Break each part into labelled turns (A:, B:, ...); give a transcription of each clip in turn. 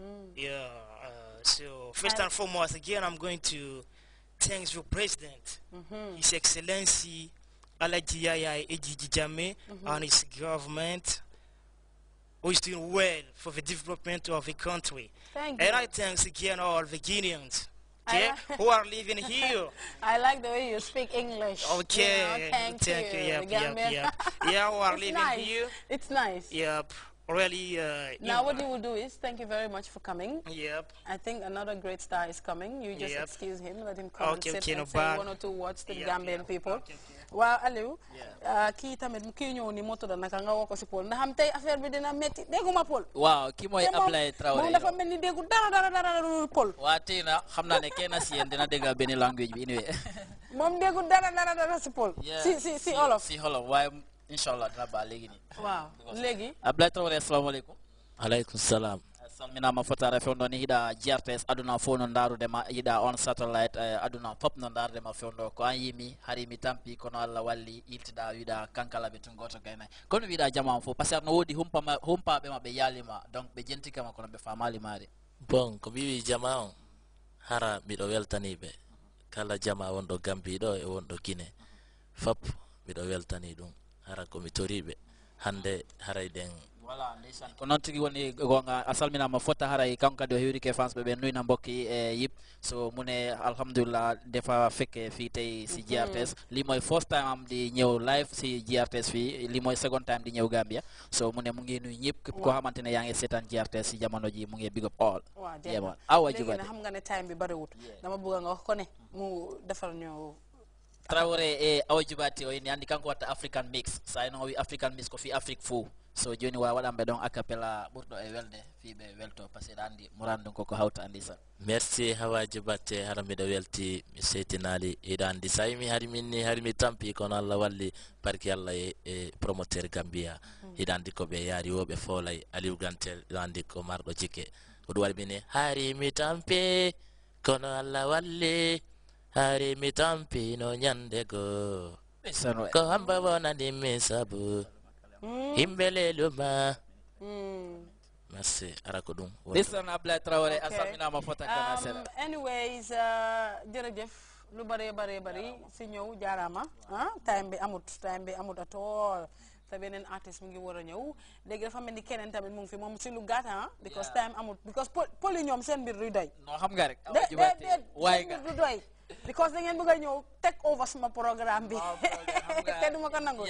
A: Mm. Yeah. Uh, so first uh, and foremost, again, I'm going to thank your president, mm -hmm. His Excellency Alajiaya Ejijijame, mm mm-hmm. and his government, who is doing well for the development of the country. Thank and you. I thanks again all the Guineans.
B: Yeah, who are living here. I like the way you speak English. Okay, you know, thank, thank, you. you. Yep, yep, yep. yeah, who are it's living nice. here. It's nice. Yep really uh, now what you will do is thank you very much for coming yep i think another great star is coming you just yep. excuse him let him come okay, and sit okay, and no say one or two words to yep, the gambian yep. people okay, okay. waaw Aliou uh, kii tamit kii ñëw ni moto tudda naka nga woo ko si Paul ndax xam tey affaire bi dina metti dégguma Paul waaw
A: kii mooy Ablaye Traoré moom dafa
B: mel ni déggu dara dara dara lu Paul
A: waaw tey na xam naa ne kenn si yéen dina dégg benn language bi anyway
B: moom déggu dara dara dara si Paul si si si olof
A: si olof waaye inshallah dina ba léegi nii
B: waaw léegi
A: Abdoulaye Traoré assalamu aleykum aleykum salam salminama fotare fewndo ni hiɗa grts aduna fof no darudema yiɗa on satellite eh, aduna fop no darudema fewndo ko an yimi harimi tampi kono allah walli iltiɗa wiɗa kankala ɓe tun goto gaynayi kono wiɗa jama on fof par ce que no woodi humpa humpaɓe ma ɓe yaalima donc ɓe jentikama kono ɓe famalimari bon ko mbiwi jama on hara mbiɗo weltaniɓe kala jama wonɗo gambiɗo e wonɗo guine fop mbiɗo weltani ɗum hara komitoriɓe hande hara ɗen voilà ndeysan ko noon tigi woni gonga a salminama fota haray kanko kadi o hewri ke france ɓeɓe nuyna mbokki e yip so mune alhamdulillah defa fekke fi tawi si grts mm-hmm. limo e first time am ɗi ñew live si grts fi limo e second time ɗi ñew gambia so mune mu ngi nuy ñëpp ko xamantene yaa ngi setan grts si jamono ji mu ngi big up all yemal awa jubade xam
B: nga ne time bi wut dama bëgg nga wax ko ne mu defal ñoo
A: Traore e eh, awjubati o ni andi kanko watta African mix sa eno wi African mix ko Afrik Afrique so joni wa wala ɗon akapela burdo e welde fiɓe welto par ce que andi moran ɗum koko hawta andi sa merci hawa batte haramida welti miseti nali iɗa andi sa yimi hari minni tampi kono allah walli pariki allah eh, e, e promoteur gambia mm. iɗa andi koɓe yaari woɓe folay aliou gantel iɗa andi ko marɗo cikke ko ɗum waɗi mine hari mi kono allah walli hari mitampi no nyandego e. ko hamba wona di misabu hmm. imbele luma Merci. Hmm. Arakodum. This one Abla Traore okay. asamina mafota kana um, sera. Um,
B: anyways, uh, jerejef lu bare bare bare si ñew jaarama ah time bi amut time bi amut at all te beneen artiste mu ngi wara ñew. ñëw dafa melni keneen tamit mu ngi fi mom si lu gàtt hein? because time amut because poli ñom seen bir ruy doy. No xam nga rek. de nga because da ngeen bëgg a ñëw teg over sama programme bi té duma ko nangul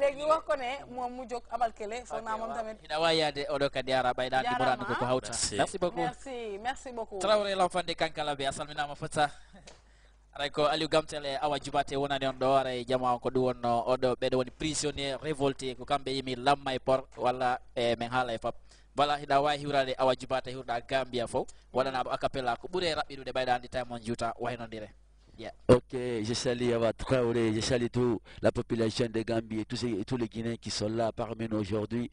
B: légui wax ko né mom mu jóg abal kele foog naa moom tamit
A: dawa yaade oɗo kadi araba e ɗan ko ko hauta merci beaucoup
B: merci merci beaucoup trawre
A: de kankala bi a salminama fota ray ko aliou gamtel e awa jubate wonani on ɗo aray jama on ko ɗum wonno oɗo ɓeɗo woni prisonnier révolté ko kamɓe yimi lamay por wala e eh, min haala e fab voilà hiɗa wawi hiwrade awa jubata ya, hiwrɗa gambia fof waɗanaɓo hmm. akapela ko ɓuuri e raɓɓiɗude ɓayɗa andi juta on juuta dire Yeah. Ok, je salue Awa Traoré, je salue tout la population de Gambie et tous, et tous les Guinéens qui sont là parmi nous aujourd'hui.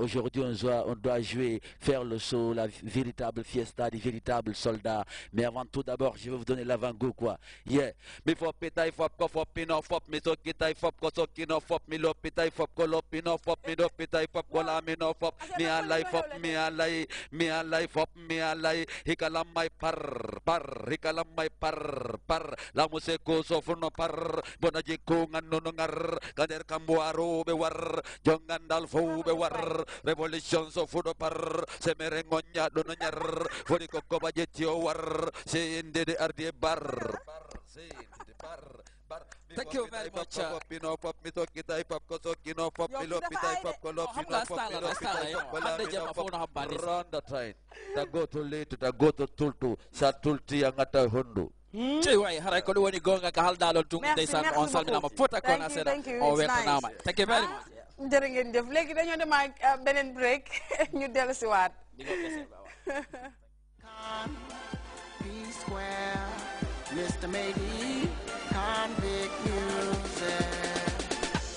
A: Aujourd'hui, on doit, on doit jouer, faire le saut, la véritable fiesta des véritables soldats. Mais avant tout, d'abord, je vais vous donner l'avant-goût, quoi. Yeah. Mais faut pétaille, faut pas, faut pino, faut mais so il faut pas, so kino, faut mais lo pétaille, faut pas, lo pino, faut mais do il faut pas, la mino, faut mais à l'aïe, faut mais à l'aïe, mais à l'aïe, faut mais à l'aïe, hikalam par, par, hikalam par, par. la museko sofuno par bona jiko no ngar kader kambuaru be war jongan dalfu be war revolution sofuno par semere ngonya dono nyar fodi kokko o war se ndede ardi bar
B: se ndede bar Thank you very much. Uh,
A: pop pino pop mito kita pop koso kino pop milo pita pop kolo pino pop milo pita pop kolo pino pop run the train. Da go to late, da go to tultu, sa tulti yang ngata hundu. ceeyi wayi haray gonga on kona o thank you very much
B: uh, break
C: Mr. Maybe convict music.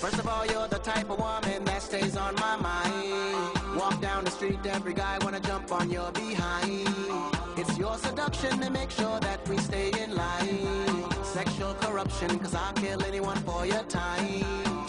C: First of all, you're the type of woman that stays on my mind. Walk down the street, every guy wanna jump on your behind. Your seduction to make sure that we stay in line. Sexual corruption, cause I'll kill anyone for your time.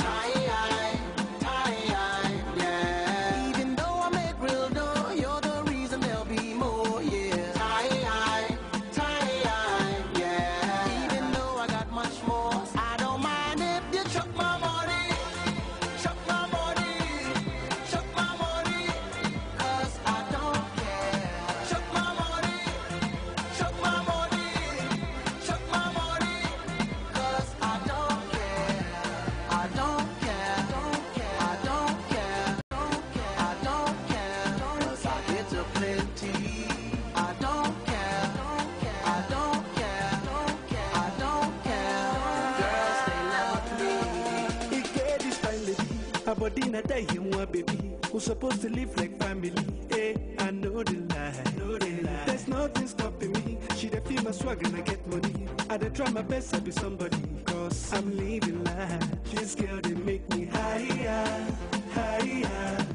C: Aberdeen, I you one baby. Who supposed to live like family? Hey, eh, I know the lie. There's nothing stopping me. She the feel my swag and I get money. I dey try my best to be somebody. Cause I'm living life. This girl, they make me higher, higher.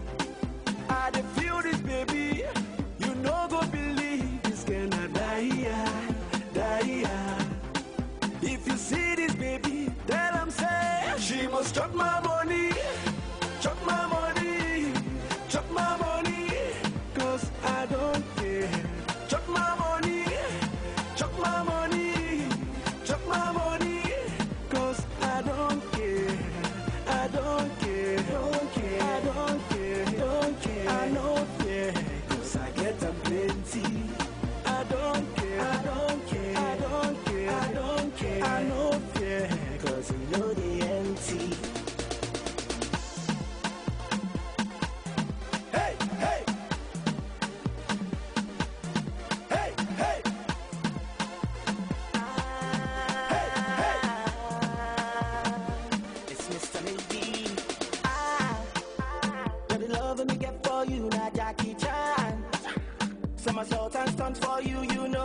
C: for you, you know.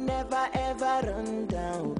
C: never ever run down.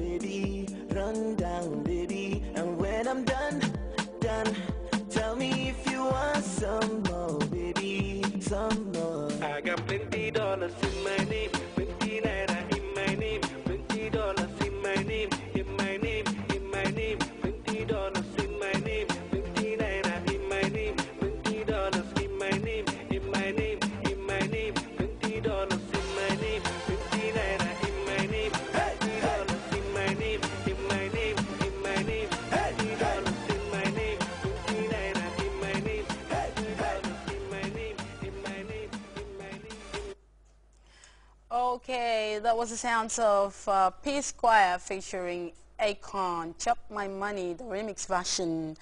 B: Okay, that was the sounds of uh, Peace Choir featuring Akon, Chop My Money, the remix version.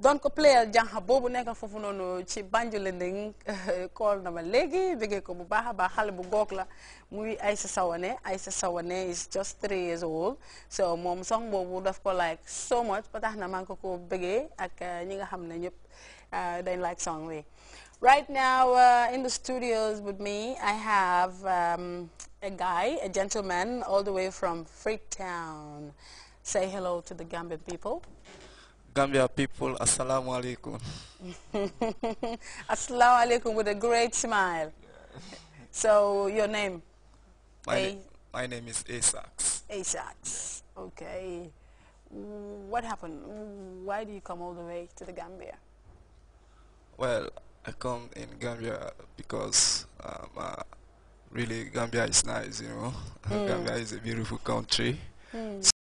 B: Don't playal jànxa a nekk foofu noonu ci Banjulinding call na ma léegi bëggee ko bu baax a baax xale bu goog la muy Aïssa Sawane Aïssa Sawane is just three years old so mom song boobu would have like so much but tax na maa ngi ko ko bëggee ak uh, ñi nga xam ne uh, like song Right now uh, in the studios with me, I have um, a guy, a gentleman, all the way from Freetown. Say hello to the Gambian people.
A: Gambia people, assalamu alaikum.
B: assalamu alaikum with a great smile. So, your name? My,
A: my name is Asax.
B: Asax, okay. What happened? Why do you come all the way to the Gambia?
A: Well, I come in Gambia because um, uh,
C: really Gambia is nice, you know. Mm. Gambia is a beautiful country. Mm.